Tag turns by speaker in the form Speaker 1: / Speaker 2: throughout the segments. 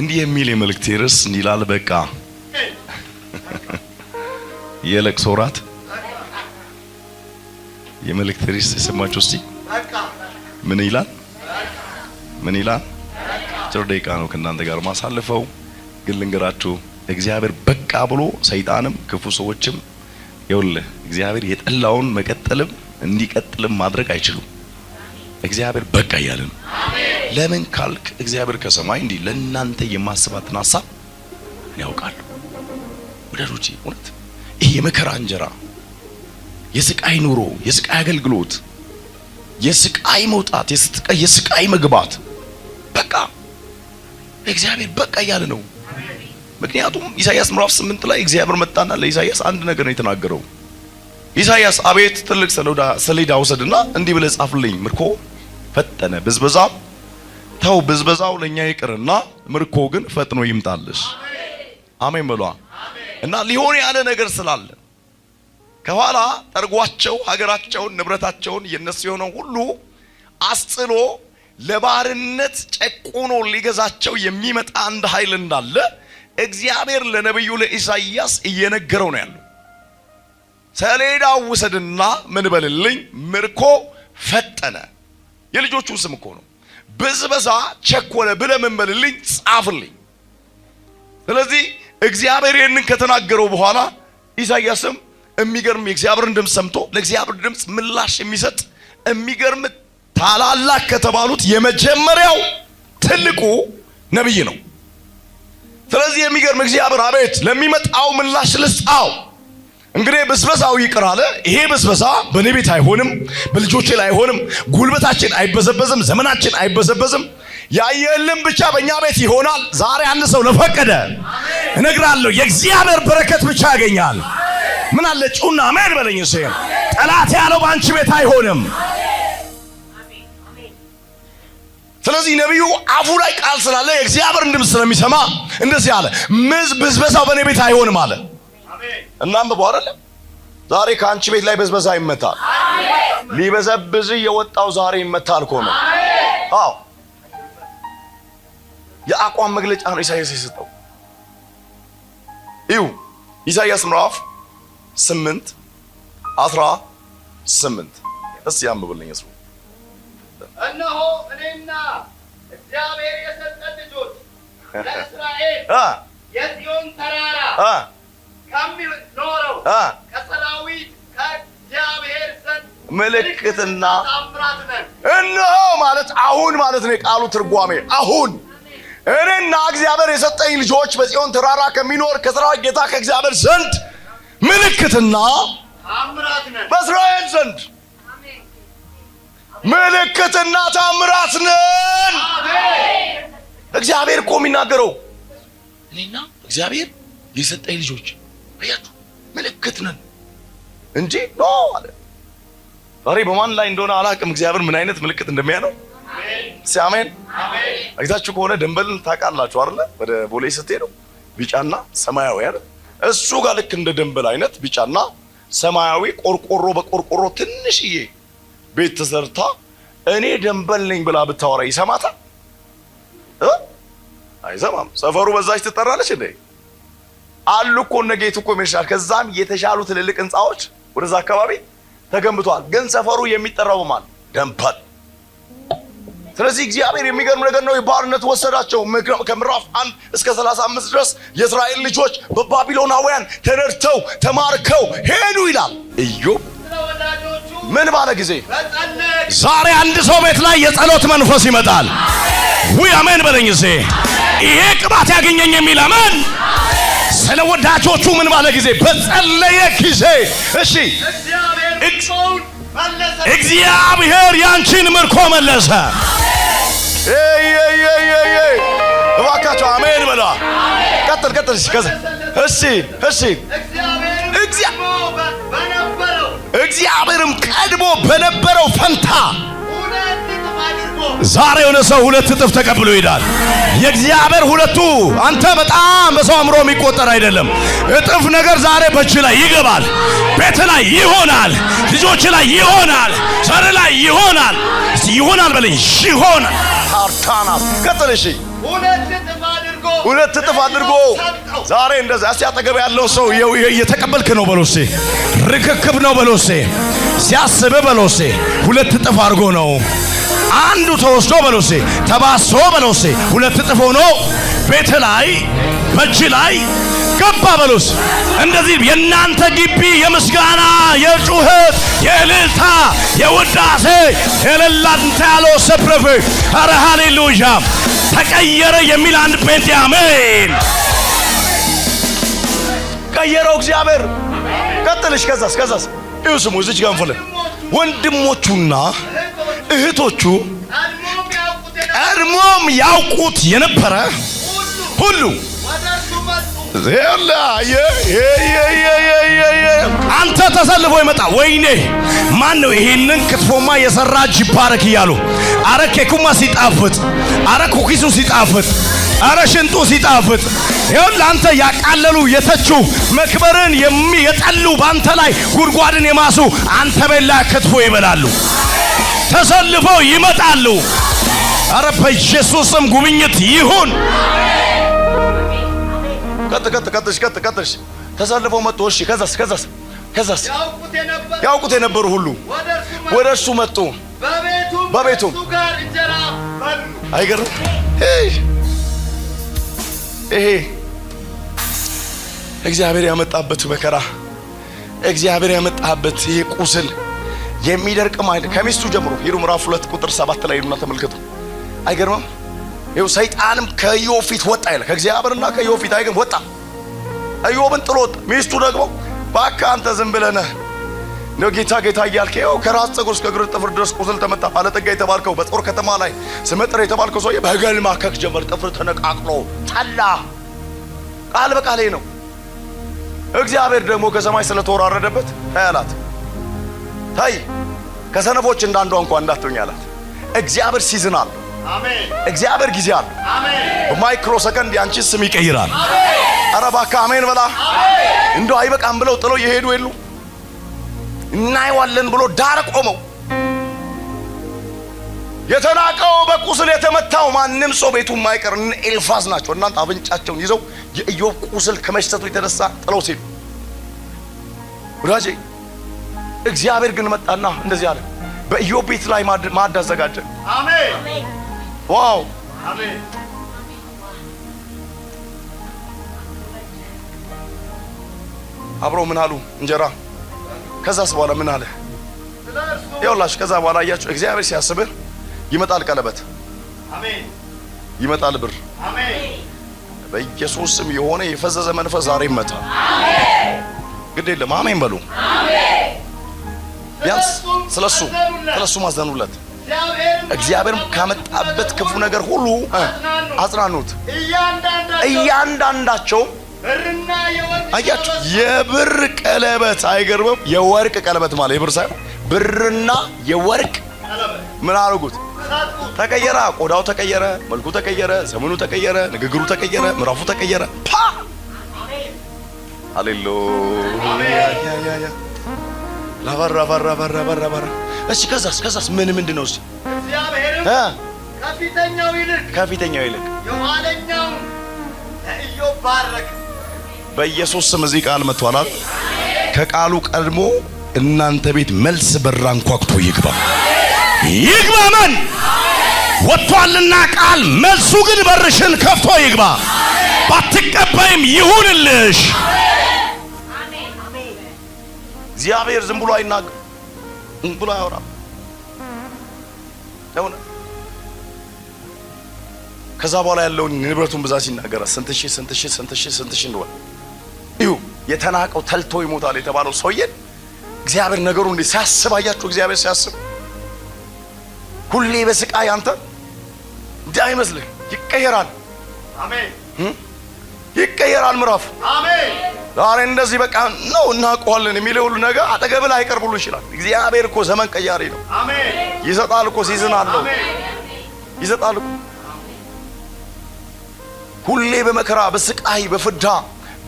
Speaker 1: እንዲህ የሚል የመልእክቴ ርዕስ እንዲላል በቃ የለቅሶ ራት የመልእክቴ ርዕስ የሰማችሁ እስቲ ምን ይላል? ምን ይላል? ጥሩ ደቂቃ ነው ከእናንተ ጋር ማሳልፈው፣ ግን ልንገራችሁ እግዚአብሔር በቃ ብሎ ሰይጣንም ክፉ ሰዎችም ይኸውልህ እግዚአብሔር የጠላውን መቀጠልም እንዲቀጥልም ማድረግ አይችሉም። እግዚአብሔር በቃ እያለ ነው። ለምን ካልክ እግዚአብሔር ከሰማይ እንዲህ ለእናንተ የማስባትን ሀሳብ ያውቃል። ወዳጆቼ እውነት ይሄ የመከራ እንጀራ፣ የስቃይ ኑሮ፣ የስቃይ አገልግሎት፣ የስቃይ መውጣት፣ የስቃይ መግባት በቃ እግዚአብሔር በቃ እያለ ነው። ምክንያቱም ኢሳይያስ ምዕራፍ ስምንት ላይ እግዚአብሔር መጣና ለኢሳይያስ አንድ ነገር ነው የተናገረው። ኢሳይያስ አቤት ትልቅ ሰሌዳ ውሰድና እንዲህ ብለህ ጻፍልኝ፣ ምርኮ ፈጠነ ብዝበዛም ተው ብዝበዛው ለኛ ይቅርና ምርኮ ግን ፈጥኖ ይምጣልሽ። አሜን ብሏ እና ሊሆን ያለ ነገር ስላለ ከኋላ ጠርጓቸው ሀገራቸውን፣ ንብረታቸውን የነሱ የሆነው ሁሉ አስጥሎ ለባርነት ጨቁኖ ሊገዛቸው የሚመጣ አንድ ኃይል እንዳለ እግዚአብሔር ለነቢዩ ለኢሳይያስ እየነገረው ነው ያለው። ሰሌዳ ውሰድና ምን በልልኝ፣ ምርኮ ፈጠነ። የልጆቹ ስም እኮ ነው። ብዝበዛ ቸኮለ ብለ ምን በልልኝ ጻፍልኝ። ስለዚህ እግዚአብሔር ይህንን ከተናገረው በኋላ ኢሳያስም የሚገርም የእግዚአብሔርን ድምፅ ሰምቶ ለእግዚአብሔር ድምፅ ምላሽ የሚሰጥ የሚገርም ታላላቅ ከተባሉት የመጀመሪያው ትልቁ ነቢይ ነው። ስለዚህ የሚገርም እግዚአብሔር አቤት ለሚመጣው ምላሽ ልስጣው እንግዲህ ብስበሳው ይቅር አለ። ይሄ ብስበሳ በእኔ ቤት አይሆንም፣ በልጆቼ ላይ አይሆንም፣ ጉልበታችን አይበዘበዝም፣ ዘመናችን አይበዘበዝም። ያየህልን ብቻ በእኛ ቤት ይሆናል። ዛሬ አንድ ሰው ለፈቀደ እነግራለሁ፣ የእግዚአብሔር በረከት ብቻ ያገኛል። ምን አለ ጩና አሜን በለኝ። እሱ ጠላት ያለው በአንቺ ቤት አይሆንም። ስለዚህ ነቢዩ አፉ ላይ ቃል ስላለ የእግዚአብሔርን ድምፅ ስለሚሰማ እንደዚህ አለ፣ ምዝ ብዝበሳው በእኔ ቤት አይሆንም አለ። እናንብበው አይደለም። ዛሬ ከአንቺ ቤት ላይ በዝበዛ ይመታል። ሊበዘብዝ የወጣው ዛሬ ይመታል እኮ ነው። አዎ የአቋም መግለጫ ነው ኢሳያስ የሰጠው። ይሁ ኢሳያስ ምዕራፍ ስምንት አስራ ስምንት እስቲ አንብብልኝ። እሱ
Speaker 2: እነሆ እኔና እግዚአብሔር የሰጠ ልጆች ለእስራኤል የጽዮን ተራራ ከሚኖረው ከሰራዊት ከእግዚአብሔር ዘንድ
Speaker 1: ምልክትና እነሆ ማለት አሁን ማለት ነው። የቃሉ ትርጓሜ አሁን እኔና እግዚአብሔር የሰጠኝ ልጆች በጽዮን ተራራ ከሚኖር ከሰራዊት ጌታ ከእግዚአብሔር ዘንድ ምልክትና በእስራኤል ዘንድ ምልክትና ታምራት ነን። እግዚአብሔር እኮ የሚናገረው እኔና እግዚአብሔር የሰጠኝ ልጆች ቤቱ ምልክት ነን እንጂ ኖ አለ። ዛሬ በማን ላይ እንደሆነ አላውቅም። እግዚአብሔር ምን አይነት ምልክት እንደሚያነው አሜን። አይታችሁ ከሆነ ደንበልን ታውቃላችሁ አይደለ? ወደ ቦሌ ስትሄዱ ቢጫና ሰማያዊ አይደል? እሱ ጋር ልክ እንደ ደንበል አይነት ቢጫና ሰማያዊ ቆርቆሮ በቆርቆሮ ትንሽዬ ቤት ተሰርታ እኔ ደንበል ነኝ ብላ ብታወራ ይሰማታል? አይሰማም። ሰፈሩ በዛች ትጠራለች እንዴ? አሉ እኮ እነ ጌቱ ከዛም የተሻሉ ትልልቅ ህንፃዎች ወደዛ አካባቢ ተገንብተዋል። ግን ሰፈሩ የሚጠራው ማን ደንበል። ስለዚህ እግዚአብሔር የሚገርም ነገር ነው የባርነት ወሰዳቸው። ከምዕራፍ አንድ እስከ 35 ድረስ የእስራኤል ልጆች በባቢሎናውያን ተደርተው ተማርከው ሄዱ ይላል እዩ ምን ባለ ጊዜ ዛሬ አንድ ሰው ቤት ላይ የጸሎት መንፈስ ይመጣል። ዊ አሜን በለኝ። ይሄ ቅባት ያገኘኝ የሚል አሜን ስለ ወዳጆቹ ምን ባለ ጊዜ በጸለየ ጊዜ እሺ እግዚአብሔር ያንቺን ምርኮ መለሰ። እባካቸው አሜን በለ ቀጥል ቀጥል። እሺ እሺ። እግዚአብሔርም ቀድሞ በነበረው ፈንታ ዛሬ የሆነ ሰው ሁለት እጥፍ ተቀብሎ ይሄዳል። የእግዚአብሔር ሁለቱ አንተ በጣም በሰው አእምሮ የሚቆጠር አይደለም። እጥፍ ነገር ዛሬ በእጅ ላይ ይገባል። ቤት ላይ ይሆናል። ልጆች ላይ ይሆናል። ዘር ላይ ይሆናል። ይሆናል በለኝ። ይሆናል። አርታና ቀጥል። እሺ ሁለት እጥፍ አድርጎ ዛሬ እንደዛ። እስቲ አጠገብ ያለው ሰው እየተቀበልክ ነው በሎሴ፣ ርክክብ ነው በሎሴ ሲያስብ በሎሴ ሁለት እጥፍ አድርጎ ነው። አንዱ ተወስዶ በሎሴ ተባሶ በሎሴ ሁለት እጥፍ ሆኖ ቤት ላይ በእጅ ላይ ገባ በሎስ። እንደዚህ የእናንተ ግቢ የምስጋና የጩኸት የእልልታ የውዳሴ የለላንተ ያለው ሰፕረፍ አረ ሃሌሉያ ተቀየረ የሚል አንድ ጴንጤ አሜን። ቀየረው እግዚአብሔር ቀጥልሽ ከዛስ ከዛስ ይኸው ስሙ፣ እዚች ጋንፎለ ወንድሞቹና እህቶቹ ቀድሞም ያውቁት የነበረ ሁሉ አንተ ተሰልፎ ይመጣ። ወይኔ ማን ነው ይሄንን ክትፎማ የሰራ ጅባረክ እያሉ አረ ኬኩማ ሲጣፍጥ፣ አረ ኩኪሱ ሲጣፍጥ አረ ሽንጡ ሲጣፍጥ ይሁን ላንተ ያቃለሉ የተቹ መክበርን የሚጠሉ ባንተ ላይ ጉድጓድን የማሱ አንተ በላ ክትፎ ይበላሉ፣ ተሰልፈው ይመጣሉ። አረ በኢየሱስም ጉብኝት ይሁን። ቀጥ ቀጥ ቀጥሽ ቀጥ ቀጥሽ ተሰልፈው መጡ። እሺ ከዛስ ከዛስ ከዛስ ያውቁት የነበሩ ሁሉ ወደ እርሱ መጡ። በቤቱም በቤቱም አይገርም ይሄ እግዚአብሔር ያመጣበት መከራ፣ እግዚአብሔር ያመጣበት ይሄ ቁስል የሚደርቅ ማለት ከሚስቱ ጀምሮ ሂዱ ምዕራፍ ሁለት ቁጥር ሰባት ላይ ሄዱና ተመልከቱ። አይገርምም? ይኸው ሰይጣንም ከኢዮብ ፊት ወጣ ይላል። ከእግዚአብሔርና ከኢዮብ ፊት አይገርም ወጣ። ኢዮብን ጥሎ ወጣ። ሚስቱ ደግሞ ባካ አንተ ዝም ብለነህ ነው ጌታ ጌታ እያልክ ይኸው ከራስ ፀጉር እስከ እግር ጥፍር ድረስ ቁስል ተመታ። ባለጠጋ የተባልከው በጦር ከተማ ላይ ስመጥር የተባልከው ሰውዬ በገል ማከክ ጀመር። ጥፍር ተነቃቅሎ ጠላ። ቃል በቃሌ ነው። እግዚአብሔር ደግሞ ከሰማይ ስለተወራረደበት ታይ አላት። ታይ ከሰነፎች እንዳንዷ እንኳን እንዳትሆኝ አላት። እግዚአብሔር ሲዝን አለ። እግዚአብሔር ጊዜ አለ። በማይክሮ ሰከንድ ያንቺ ስም ይቀይራል። አረ እባክህ አሜን በላ። እንደው አይበቃም ብለው ጥለው እየሄዱ የሉ እናየዋለን ብሎ ዳር ቆመው የተናቀው በቁስል የተመታው ማንም ሰው ቤቱ ማይቀር ኤልፋዝ ናቸው። እናንተ አብንጫቸውን ይዘው የኢዮብ ቁስል ከመሽተቱ የተነሳ ጥለው ሲሉ ወዳጄ፣ እግዚአብሔር ግን መጣና እንደዚህ አለ፣ በኢዮብ ቤት ላይ ማዕድ አዘጋጀ። አሜን! ዋው! አሜን! አብረው ምን አሉ እንጀራ ከዛስ በኋላ ምን አለ? ይኸውላችሁ ከዛ በኋላ አያችሁ እግዚአብሔር ሲያስብህ ይመጣል ቀለበት፣ ይመጣል ብር። በኢየሱስ ስም የሆነ የፈዘዘ መንፈስ ዛሬ ይመጣ። ግድ የለም አሜን በሉ። ቢያንስ ስለሱ ስለሱ ማዘኑለት እግዚአብሔር ካመጣበት ክፉ ነገር ሁሉ አጽናኑት እያንዳንዳቸው አያችሁ፣ የብር ቀለበት አይገርምም? የወርቅ ቀለበት ማለት የብር ሳይሆን ብርና የወርቅ ምን አድርጉት ተቀየረ። ቆዳው ተቀየረ፣ መልኩ ተቀየረ፣ ዘመኑ ተቀየረ፣ ንግግሩ ተቀየረ፣ ምዕራፉ ተቀየረ። ፓ ሃሌሉያ ራባራባራባራባራ እሺ፣ ከዛስ ከዛስ ምን ምንድን ነው?
Speaker 2: ከፊተኛው ይልቅ
Speaker 1: ከፊተኛው ይልቅ
Speaker 2: የኋለኛው ለኢዮብ ባረከ
Speaker 1: በኢየሱስ ስም እዚህ ቃል መጥቷል። ከቃሉ ቀድሞ እናንተ ቤት መልስ በራ አንኳኩቶ ይግባ ይግባ። ማን ወጥቷልና ቃል መልሱ ግን በርሽን ከፍቶ ይግባ። ባትቀበይም ይሁንልሽ። እግዚአብሔር ዝም ብሎ አይናገር፣ ዝም ብሎ አያወራም። ከዛ በኋላ ያለውን ንብረቱን ብዛት ይናገራል። ስንት ሺህ ስንት ሺህ ስንት ሺህ ስንት ሺህ እንደሆነ ይሁ የተናቀው ተልቶ ይሞታል የተባለው ሰውዬን እግዚአብሔር ነገሩ እንዴ ሲያስብ አያችሁ። እግዚአብሔር ሲያስብ ሁሌ በስቃይ አንተ እንዲህ አይመስልህ፣ ይቀየራል። አሜን፣ ይቀየራል። ምዕራፍ አሜን። ዛሬ እንደዚህ በቃ ነው እናውቀዋለን የሚለው ሁሉ ነገር አጠገብ ላይ አይቀርብ ይችላል። እግዚአብሔር እኮ ዘመን ቀያሪ ነው። አሜን። ይሰጣል እኮ ሲዝን አለው ይሰጣል እኮ ሁሌ በመከራ በስቃይ በፍዳ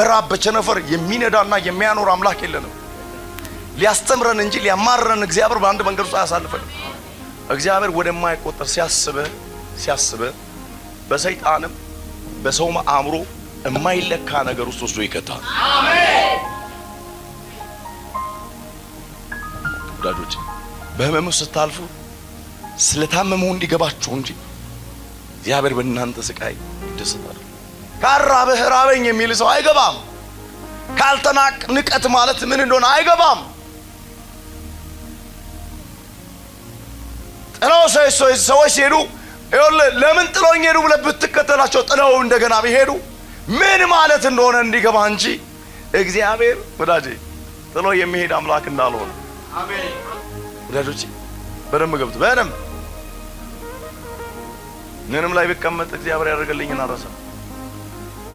Speaker 1: በራብ በቸነፈር የሚነዳና የሚያኖር አምላክ የለንም። ሊያስተምረን እንጂ ሊያማረን እግዚአብሔር በአንድ መንገድ ውስጥ አያሳልፈን። እግዚአብሔር ወደማይቆጠር ሲያስበ ሲያስበ በሰይጣንም በሰውም አእምሮ የማይለካ ነገር ውስጥ ወስዶ ይከታል። አሜን። ወዳጆች በህመሙ ስታልፉ ስለታመመው እንዲገባችሁ እንጂ እግዚአብሔር በእናንተ ስቃይ ይደሰታል። ካራበህ ራበኝ የሚል ሰው አይገባም። ካልተናቅ ንቀት ማለት ምን እንደሆነ አይገባም። ጥለው ሰዎች ሲሄዱ ለምን ጥለውኝ ሄዱ ብለህ ብትከተላቸው ጥለው እንደገና ቢሄዱ ምን ማለት እንደሆነ እንዲገባ እንጂ እግዚአብሔር ወዳጄ ጥሎ የሚሄድ አምላክ እንዳልሆነ ወዳጆች በደንብ ገብቱ። በደንብ ምንም ላይ ቢቀመጥ እግዚአብሔር ያደርገልኝ አረሰ